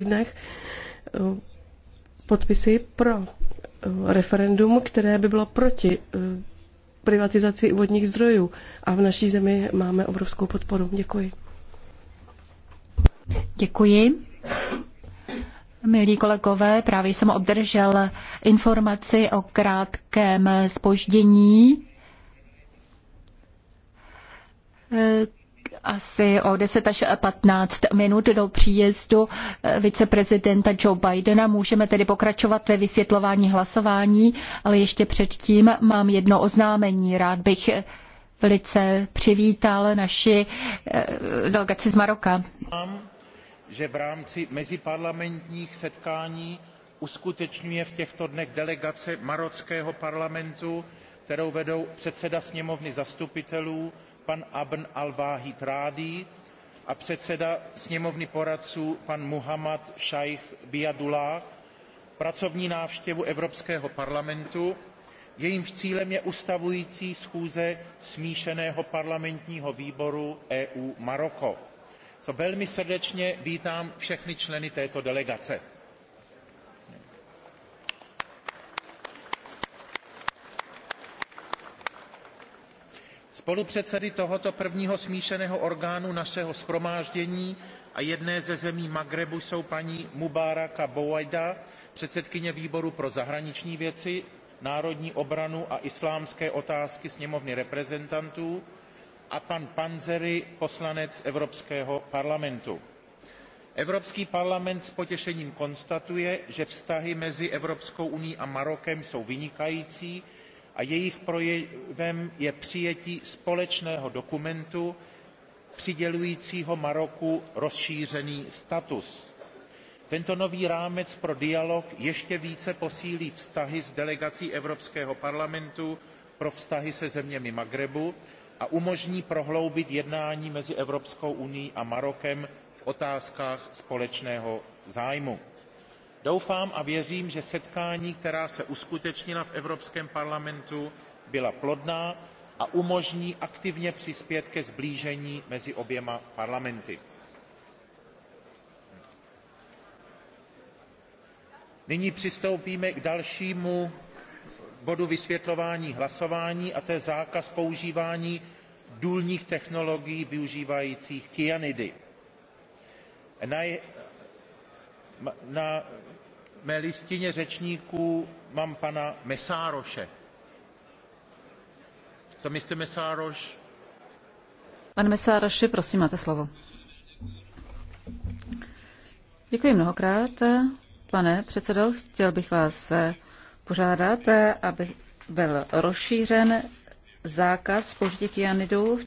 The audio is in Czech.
dnech eh, podpisy pro eh, referendum, které by bylo proti eh, privatizaci vodních zdrojů. A v naší zemi máme obrovskou podporu. Děkuji. Děkuji. Milí kolegové, právě jsem obdržel informaci o krátkém spoždění asi o 10 až 15 minut do příjezdu eh, viceprezidenta Joe Bidena. Můžeme tedy pokračovat ve vysvětlování hlasování, ale ještě předtím mám jedno oznámení. Rád bych velice přivítal naši eh, delegaci z Maroka. že v rámci meziparlamentních setkání uskutečňuje v těchto dnech delegace marockého parlamentu kterou vedou předseda sněmovny zastupitelů pan Abn al wahid Rádi a předseda sněmovny poradců pan muhammad šajch bijadullláh pracovní návštěvu evropského parlamentu jejímž cílem je ustavující schůze smíšeného parlamentního výboru eu maroko. velmi srdečně vítám všechny členy této delegace. spolupředsedy tohoto prvního smíšeného orgánu našeho shromáždění a jedné ze zemí magrebu jsou paní mubaraka Bouajda, předsedkyně výboru pro zahraniční věci národní obranu a islámské otázky sněmovny reprezentantů a pan panzeri poslanec evropského parlamentu. evropský parlament s potěšením konstatuje že vztahy mezi evropskou unií a marokem jsou vynikající a jejich projevem je přijetí společného dokumentu přidělujícího maroku rozšířený status. tento nový rámec pro dialog ještě více posílí vztahy s delegací evropského parlamentu pro vztahy se zeměmi maghrebu a umožní prohloubit jednání mezi evropskou unií a marokem v otázkách společného zájmu doufám a věřím že setkání která se uskutečnila v evropském parlamentu byla plodná a umožní aktivně přispět ke sblížení mezi oběma parlamenty. nyní přistoupíme k dalšímu bodu vysvětlování hlasování a to je zákaz používání důlních technologií využívajících kyanidy. Na, na mé listině řečníků mám pana Mesároše. So, jste Mesároš. Pane Mesároši, prosím, máte slovo. Děkuji mnohokrát, pane předsedo. Chtěl bych vás požádat, aby byl rozšířen zákaz použití kyanidu v